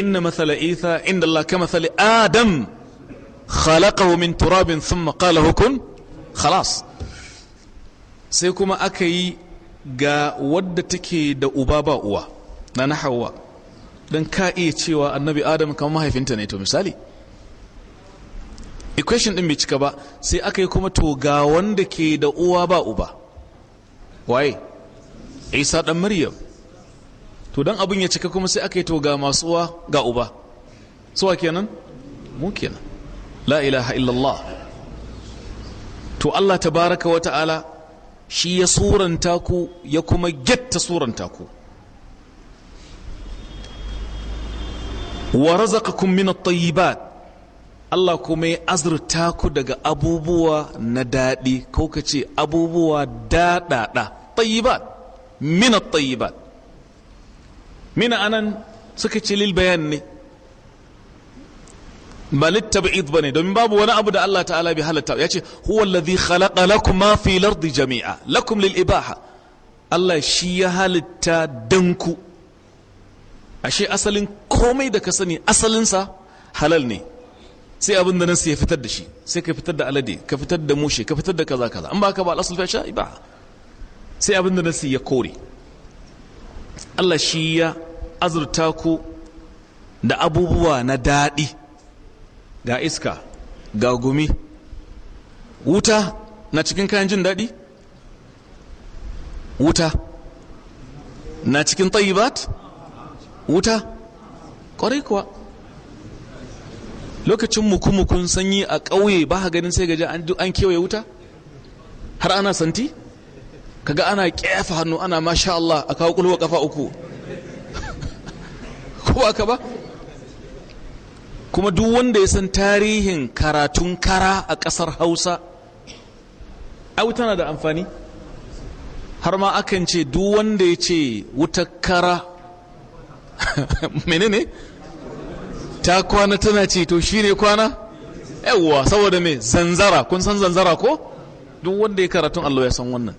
inna mathala isa inda Allah ka matsala adam khalaqahu min turabin sun makala hukun khalas sai kuma aka yi ga wadda take da uba ba uwa na na hawa don ka iya cewa annabi adam kamar mahaifinta ne to misali equation din bai cika ba sai aka yi kuma to ga wanda ke da uwa ba uba waye isa dan maryam to dan abin ya cika kuma sai aka yi to ga masu uwa ga uba suwa kenan mu kenan la ilaha illallah to Allah tabaraka wa ta'ala shi ya suranta ku ya kuma getta suranta ku wa razaqakum min at-tayyibat Allah kuma ya azurta ku daga abubuwa na daɗi ko ka ce abubuwa daɗaɗa tayyibat mina at-tayyibat min anan suka ce lil bayan ne malitta ba'id ne? domin babu wani abu da Allah ta'ala bai halatta ya ce huwa alladhi khalaqa lakum ma fi lardi jami'a lakum lil ibaha Allah shi ya halitta danku ashe asalin komai da ka sani asalinsa halal ne sai abin da nan sai ya fitar da shi sai ka fitar da alade ka fitar da mushe ka fitar da kaza kaza an ba ka ba al'asul fa sha ibaha sai abin da nan sai ya kore Allah shi ya azurta ku da abubuwa na daɗi ga iska ga gumi wuta na cikin kayan jin daɗi wuta na cikin tayyibat wuta ƙwarai kuwa lokacin mukumukun sanyi a ƙauye ba ganin sai gaji an kewaye wuta har ana santi kaga ana ƙefa hannu ana masha Allah a kawo kulwa kafa uku ko ka ba kuma duk wanda ya san tarihin karatun kara a ƙasar hausa ai tana da amfani har ma akan ce duk wanda ya ce wuta kara menene ta kwana tana ce to shi ne kwana yawwa saboda me zanzara kun san zanzara ko duk wanda ya karatun allo ya san wannan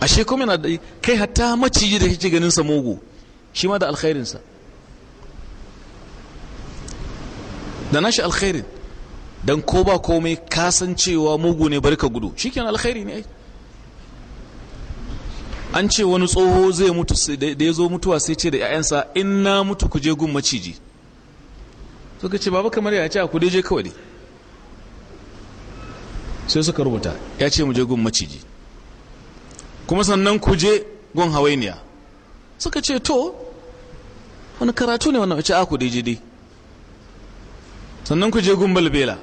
ashe kuma yana da kai hatta maciji da shi ganin sa mugu shi ma da alkhairinsa da nashi alkhairin dan ko ba komai kasancewa mugu ne bari ka gudu shikenan alkhairi ne an ce wani tsoho zai mutu da ya zo mutuwa sai ce da 'ya'yansa in na mutu ku je gun maciji suka ce baba kamar ya ce a ku je kawai sai suka rubuta ya ce mu je gun maciji kuma sannan ku je gun hawainiya suka ce to wani karatu ne wannan wace a dai je dai sannan ku je gun balbela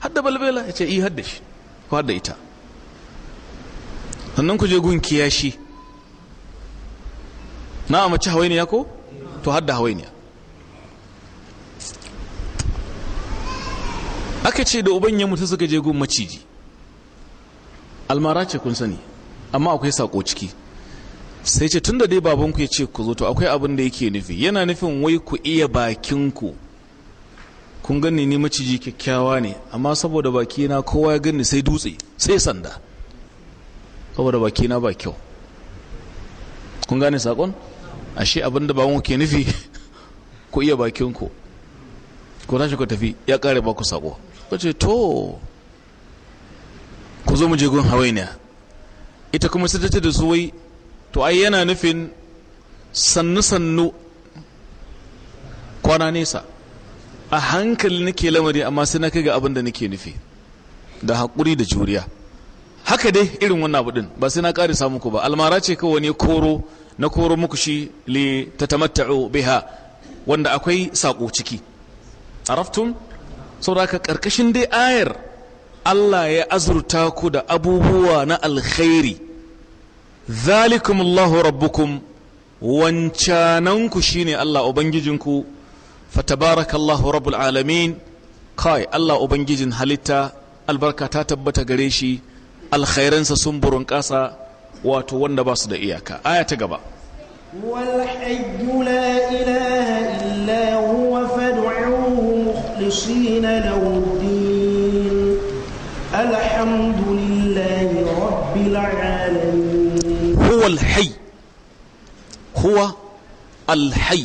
hadda balbela ya ce yi eh, hadda shi ko hadda ita sannan ku je gun kiyashi na mace hawainiya ko to hadda hawainiya aka ce da uban yammuta suka je gun maciji almara ce kun sani amma akwai sako ciki sai ce tun da dai babanku ya ce ku zo to akwai abin da yake nufi yana nufin wai ku iya bakinku kun gani ni maciji kyakkyawa ne amma saboda bakina kowa ya gani sai dutse sai sanda saboda bakina ba kyau kun gane sakon ashe abinda ba ke nufi ku iya bakinku ku tashi ku tafi ya kare ba ku sako wace to ku zo mu je gun hawainiya ita kuma su tace da su wai to ai yana nufin sannu sannu kwana nesa a hankali nake lamari amma sai na kai ga abin da nake nufi da haƙuri da juriya haka dai irin wannan abu din ba sai na ƙari samu ku ba almara ce ka wani koro na koro muku shi li tatamatta'u biha wanda akwai sako ciki araftum saboda ka karkashin dai ayar Allah ya azurta ku da abubuwa na alkhairi zalikumullahu rabbukum wancananku shine Allah ubangijinku fatabaraka Allahu rabbul alamin kai Allah ubangijin halitta albarka ta tabbata gare shi alkhairansa sun burin kasa wato wanda ba su da iyaka aya ta gaba wal hayyu la ilaha illa huwa fad'uhu lahu din alhamdulillahi rabbil alamin huwa al huwa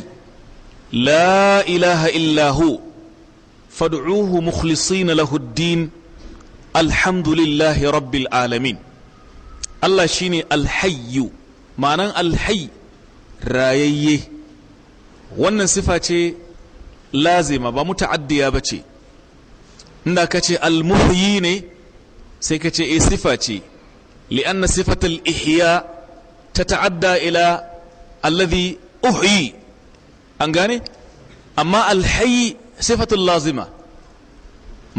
la ilaha illahu fad'uhu mukhlisina lahu ad-din alhamdulillahi rabbil alamin Allah shine alhayyu ma'anan alhayy rayayye wannan sifa ce lazima ba mu muta'addiya bace inda kace almuhyi ne sai kace eh sifa ce li'anna ta ihya tata'adda ila alladhi uhyi an gane amma alhayi sifatun lazima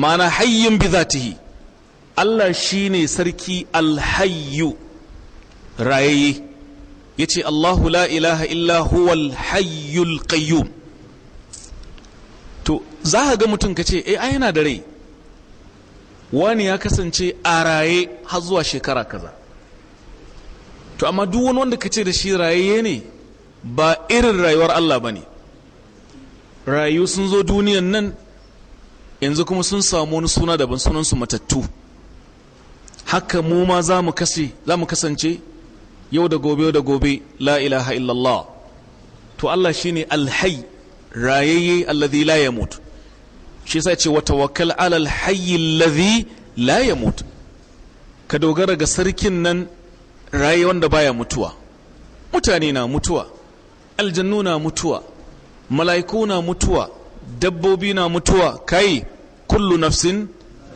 ma'ana hayyin bi zatihi Allah shi ne sarki alhayu rayayye ya ce Allahu la ilaha illa huwal hayyul qayyum to za ka ga mutum ka ce eh ai yana da rai wani ya kasance a raye har zuwa shekara kaza to amma duk wani wanda ka ce da shi rayayye ne ba irin rayuwar Allah ba ne rayu sun zo duniyan nan yanzu kuma sun samu wani suna daban sunansu matattu haka mu ma za mu kasance yau da gobe yau da gobe la ilaha illallah to Allah shine alhai rayayye alladhi la yamut shi sai ce wata wakal ala alhayy alladhi la yamut ka dogara ga sarkin nan raye wanda baya mutuwa mutane na mutuwa aljannu na mutuwa mala'iku na mutuwa dabbobi na mutuwa kai kullu nafsin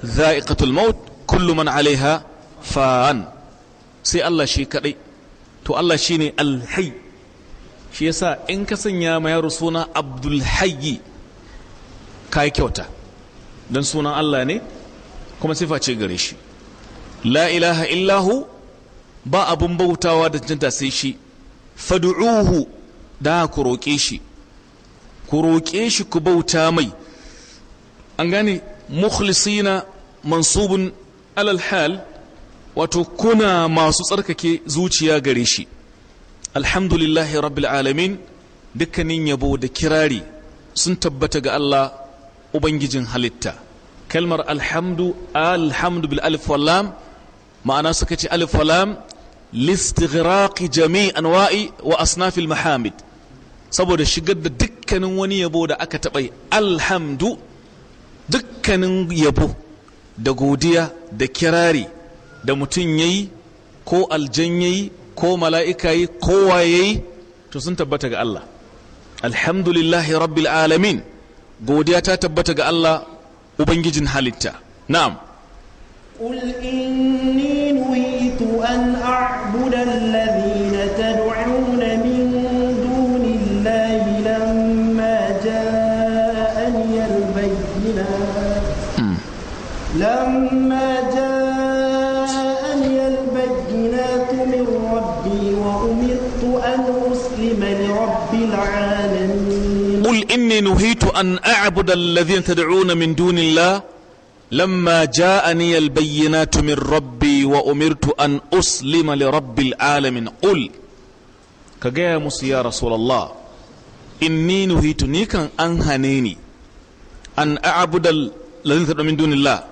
za'iqatul maut kullu man alaiha fa'an sai Allah shi kadai to Allah shine al-hayy shi yasa in ka sanya ma yaro suna Abdul Hayy kai kyauta dan sunan Allah ne kuma sifa ce gare shi la ilaha illahu ba abun bautawa da jinta sai shi fad'uhu da ku roke shi ku roƙe shi ku bauta mai an gane mukhlisina mansubun alal hal wato kuna masu tsarkake zuciya gare shi alhamdulillahi rabbil alamin dukkanin yabo da kirari sun tabbata ga Allah ubangijin halitta kalmar alhamdu alhamdu bil alif walam ma'ana suka ce alif walam listighraqi jami'an wai wa asnafil mahamid saboda shigar da dukkanin wani yabo da aka taɓa alhamdu dukkanin yabo da godiya da kirari da mutum ya yi ko aljan ya yi ko mala'ika yi ko ya yi to sun tabbata ga Allah alhamdulillahi rabbil alamin godiya ta tabbata ga Allah ubangijin halitta na'am قل إني نهيت أن أعبد قل إني نهيت أن أعبد الذين تدعون من دون الله لما جاءني البينات من ربي وأمرت أن أسلم لرب العالمين قل كجاء موسى يا رسول الله إني نهيت نيكا أنهنيني أن أعبد الذين تدعون من دون الله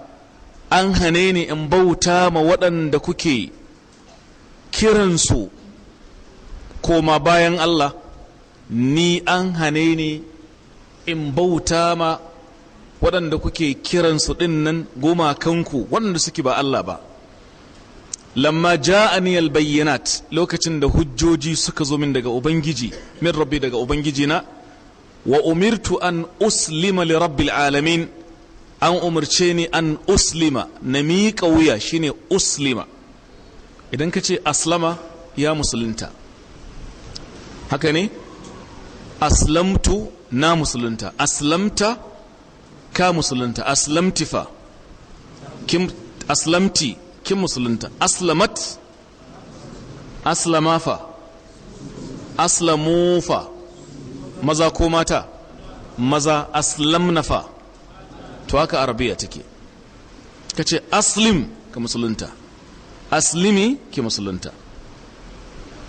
أنهنيني إن بوتا مودن دكوكي kiransu koma bayan Allah ni an hane ni in bauta ma waɗanda kuke kiransu ɗin nan gumakanku waɗanda suke ba Allah ba lamma ja'ani albayyinat lokacin da hujjoji suka zo min daga ubangiji min rabbi daga ubangiji na wa umirtu an uslima li rabbil alamin an umarce ni an uslima na miƙa wuya shine uslima idan ka ce aslama ya musulunta haka ne aslamtu na musulunta aslamta ka musulunta aslamtifa kim aslamti kim musulunta aslamat aslamafa aslamufa maza ko mata maza aslamnafa to haka arabiya take ka ce aslim ka musulunta aslimi ki musulunta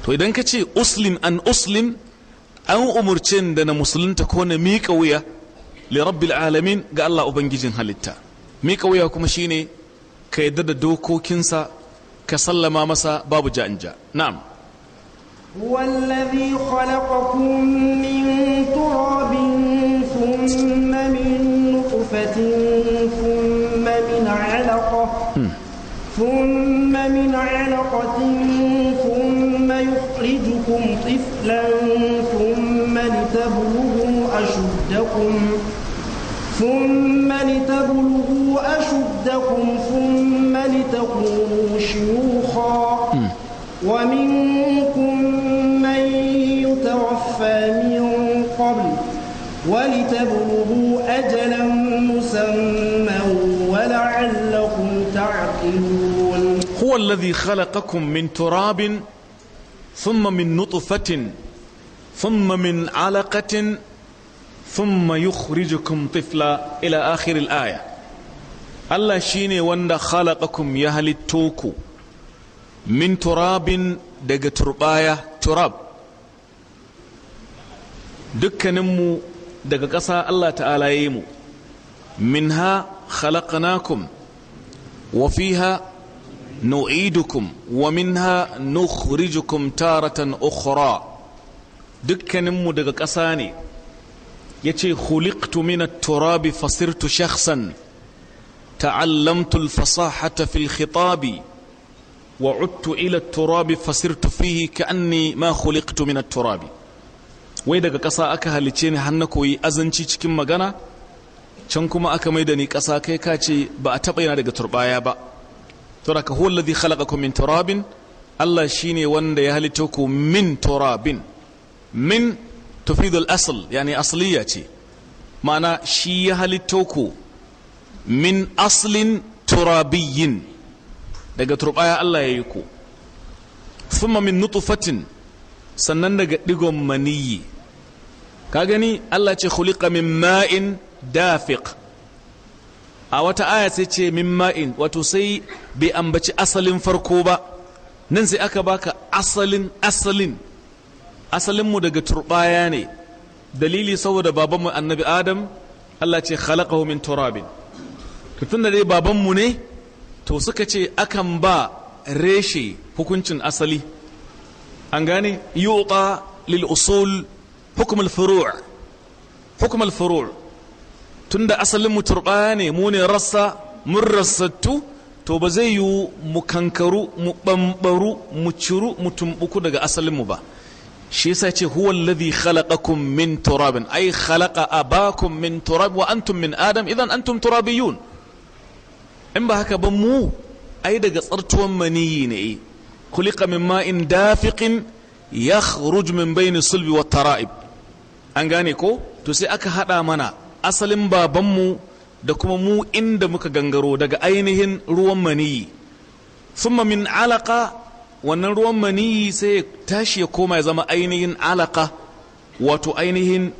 to idan ka ce uslim an uslim an umarci da na musulunta ko na miƙa wuya li rabbil alamin ga Allah ubangijin halitta miƙa wuya kuma shine ka yadda da dokokinsa ka sallama masa babu ja'inja na'am هو خلقكم من تراب ثم من نطفة ثم من علقة ثم من علقة ثم يخرجكم طفلاً أشدكم ثم لتبلغوا أشدكم ثم لتكونوا شيوخا ومنكم من يتوفى من قبل ولتبلغوا أجلا مسمى ولعلكم تعقلون هو الذي خلقكم من تراب ثم من نطفة ثم من علقة thumma yukhrijukum tifla ila akhiril aya Allah shine wanda khalaqakum ya halitto ku min turabin daga turbaya turab dukkaninmu daga ƙasa Allah ta'ala ya yi mu minha khalaqnakum wa fiha nu'idukum wa minha nukhrijukum taratan ukhra dukkaninmu daga ƙasa ne yace khuliqtu min turabi fasirtu shakhsan ta'allamtu al-fasahata fil al-khitab wa 'udtu ila fasirtu fihi ka'anni ma khuliqtu min turabi wai daga ƙasa aka halice ni har na koyi azanci cikin magana can kuma aka maida ni ƙasa kai ka ce ba a taɓa yana daga turbaya ba to da ka huwa alladhi khalaqakum min turabin Allah shine wanda ya halitta ku min turabin min tufidul asl yani asaliya ce ma'ana shi ya halitto ku min aslin turabiyin daga turbaya Allah ya yi ku thumma min nutfatin sannan daga digon maniyi ka gani Allah ce khuliqa min ma'in dafiq a wata aya sai ce min ma'in wato sai bai ambaci asalin farko ba nan sai aka baka asalin asalin asalinmu daga turbaya ne dalili saboda babanmu annabi adam Allah ce khalaqahu min turabin to tunda dai babanmu ne to suka ce akan ba reshe hukuncin asali an gane yuqa lil usul hukm al furu' hukm al furu' tunda asalin mu turbaya ne mu ne rassa mun rassattu to ba zai yi mu kankaru mu bambaru mu ciru mu tumbuku daga asalin mu ba shi yasa ce huwa alladhi khalaqakum min turabin ay khalaqa abakum min turab wa antum min adam idan antum turabiyun in ba haka ba mu ai daga tsartuwan maniyi ne khuliqa min ma'in dafiqin yakhruj min baini sulbi wat tara'ib an gane ko to sai aka hada mana asalin babanmu da kuma mu inda muka gangaro daga ainihin ruwan maniyi thumma min alaqa wannan ruwan maniyi sai ya tashi ya koma ya zama ainihin alaka wato ainihin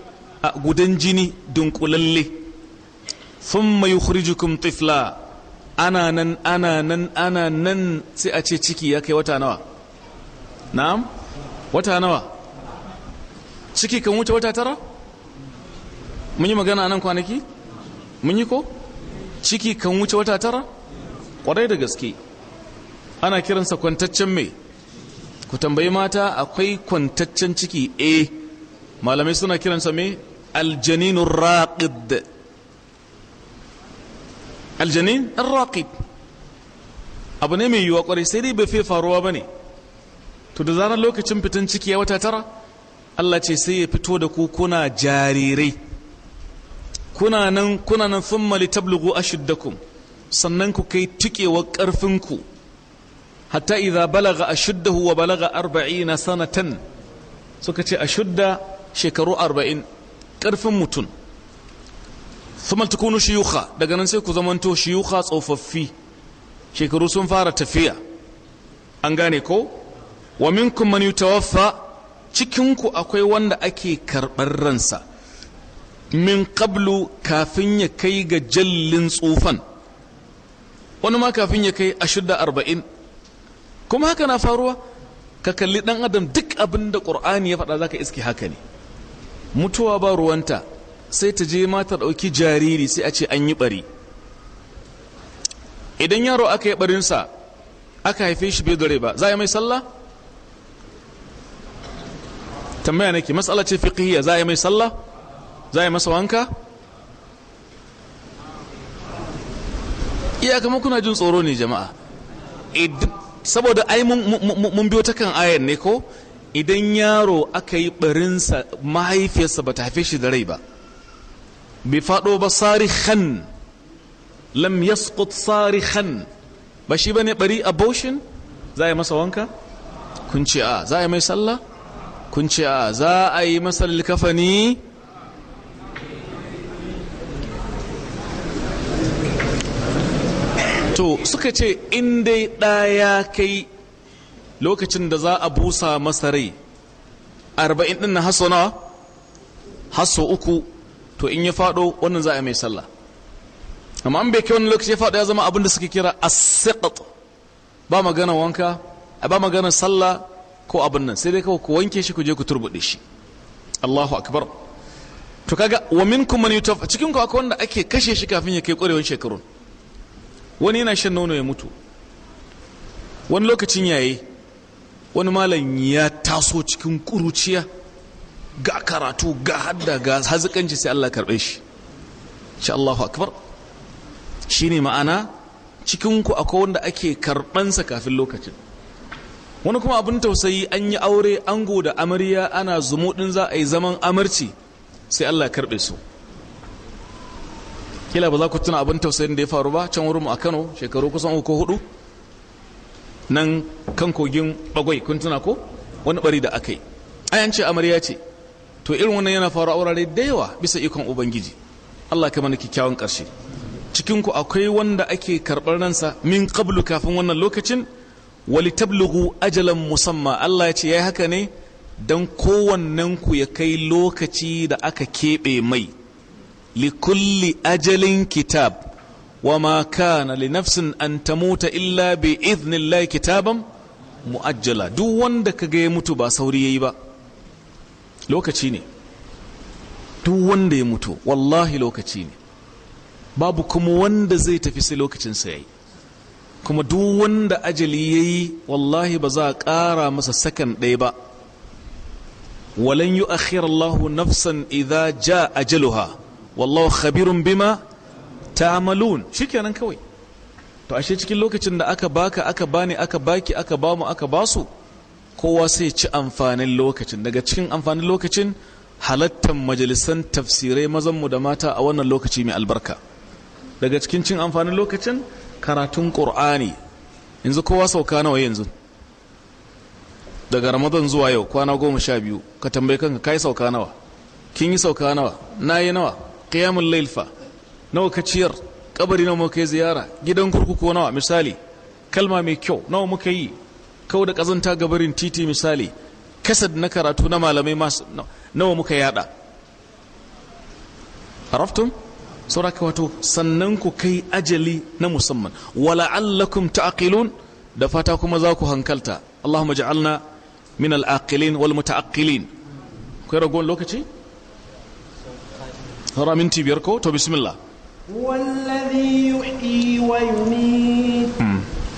gudan jini dunkulalle thumma yukhrijukum tifla ana nan ana nan ana nan sai a ce ciki ya kai wata nawa na'am wata nawa ciki kan wuce wata tara mun yi magana nan kwanaki mun yi ko ciki kan wuce wata tara kwarai da gaske ana kiransa kwantaccen mai ku tambayi mata akwai kwantaccen ciki e malamai suna kiransa mai aljaninun raƙid aljanin raƙid abu ne mai yiwuwa ƙwarai sai dai bai fi faruwa ba ne to da zarar lokacin fitan ciki ya wata tara Allah ce sai ya fito da ku kuna jarirai kuna nan kuna nan thumma ashiddakum sannan ku kai tukewar ƙarfinku hatta idza balaga ashuddahu wa balaga arba'ina sanatan suka ce ashudda shekaru arba'in ƙarfin mutum thumma takunu shuyukha daga nan sai ku zamanto shuyukha tsofaffi shekaru sun fara tafiya an gane ko wa minkum man yutawaffa cikin ku akwai wanda ake karɓar ransa min qablu kafin ya kai ga jallin tsufan wani ma kafin ya kai ashudda arba'in kuma haka na faruwa ka kalli dan adam duk abin da qur'ani ya faɗa za ka iske haka ne mutuwa ba ruwanta sai ta je mata ɗauki jariri sai a ce an yi bari idan yaro aka yi barinsa aka haife shi bai dore ba za a yi mai sallah tambaya nake matsala ce fiqhiyya za a yi mai sallah za a yi masa wanka iya kama kuna jin tsoro ne jama'a idan eh, saboda ai mun biyo ta kan ayar ne ko idan yaro aka yi barinsa mahaifiyarsa ba ta haife shi da rai ba bai faɗo ba sarihan lam yasqut sarihan ba shi ba ne bari abortion za a yi masa wanka kun ce a za a yi mai sallah kun ce a za a yi masa likafani to suka ce in dai ɗaya kai lokacin da za a busa masa rai arba'in ɗin na haso nawa haso uku to in ya faɗo wannan za a mai sallah amma an bai kai wani lokaci ya faɗo ya zama abin da suke kira asiqat ba magana wanka a ba magana sallah ko abin nan sai dai kawai ku wanke shi ku je ku turbuɗe shi Allahu akbar to kaga wa minkum man yutaf cikin ku akwai wanda ake kashe shi kafin ya kai ƙwarewar shekarun wani yana shan nono ya mutu wani lokacin yayi wani malam ya taso cikin kuruciya ga karatu ga hadda ga hazikanci sai Allah karɓe shi insha Allahu akbar shine ma'ana cikin ku akwai wanda ake sa kafin lokacin wani kuma abin tausayi an yi aure ango da amarya ana zumudin za a yi zaman amarci sai Allah karɓe su kila ba za ku tuna abin tausayin da ya faru ba can wurin mu a Kano shekaru kusan uku hudu nan kan kogin bagwai kun tuna ko wani bari da aka yi amarya ce to irin wannan yana faru a wurare da yawa bisa ikon ubangiji Allah ka mana kyakkyawan karshe cikin ku akwai wanda ake karɓar ransa min qablu kafin wannan lokacin wali tablughu ajalan musamma Allah ya ce yayi haka ne dan kowannen ku ya kai lokaci da aka keɓe mai likulli ajalin kitab wa ma kana li nafsin an tamuta illa bi idnillahi kitaban mu'ajjala duk wanda kaga ya mutu ba sauri yayi ba lokaci ne duk wanda ya mutu lokaci ne babu kuma wanda zai tafi sai lokacin sa yayi kuma duk wanda ajali yayi wallahi ba za a ƙara masa sakan ɗaya ba walan yu'akhir Allahu nafsan idza ja ajaluha wallahu khabirun bima ta'malun shikenan kawai to ashe cikin lokacin da aka baka aka bani aka baki aka bamu aka basu kowa sai ci amfanin lokacin daga cikin amfanin lokacin halattan majalisan tafsirai mazanmu da mata a wannan lokaci mai albarka daga cikin cin amfanin lokacin karatun qur'ani yanzu kowa sauka nawa yanzu daga ramadan zuwa yau kwana goma sha biyu ka tambayi kanka kai sauka nawa kin yi sauka nawa na yi nawa qiyamul layl fa nawa ka ciyar kabari nawa muka yi ziyara gidan kurkuku nawa misali kalma mai kyau nawa muka yi kawo da kazanta gabarin titi misali kasad na karatu na malamai masu nawa muka yada araftum sauraka wato sannan ku kai ajali na musamman wala'allakum ta'aqilun da fata kuma za ku hankalta Allahumma ja'alna min al-aqilin wal muta'aqqilin kai ragon lokaci fara minti biyar ko to bismillah wallazi yuhyi wa yumit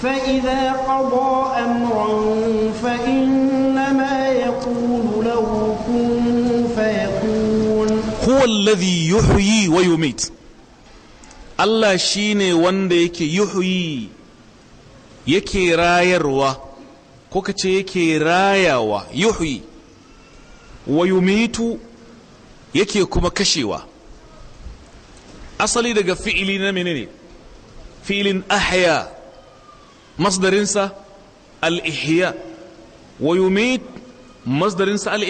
fa idza qada amran fa innama yaqulu lahu kun fayakun huwa allazi yuhyi wa yumit Allah shine wanda yake yuhyi yake rayarwa ko kace yake rayawa yuhyi wa yumitu yake kuma kashewa asali daga fi'ili na menene fi'ilin ahya masdarinsa al-ihya masdarinsa al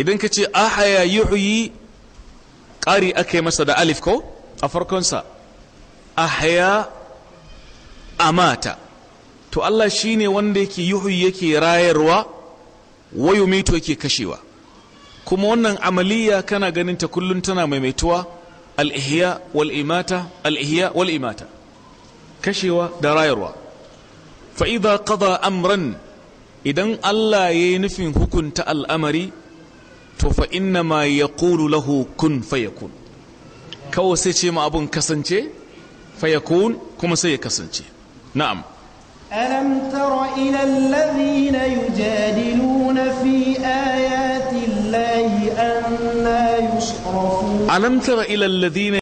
idan ka ce ahya yuhyi ƙari aka masa da alif ko amata to Allah shine wanda yake yuhyi yake rayarwa wa yumitu yake kashewa kuma wannan amaliya kana ganin ta kullum tana maimaituwa al'ihiya wal'imata al'ihiya wal'imata kashewa da rayarwa fa'iza ƙaza amran idan Allah ya yi nufin hukunta al'amari to fa'inna ma ya ƙulu lahukun kun fayakun kawai sai ce ma abin kasance fayakun kuma sai ya kasance na'am ألم ألم تر إلى الذين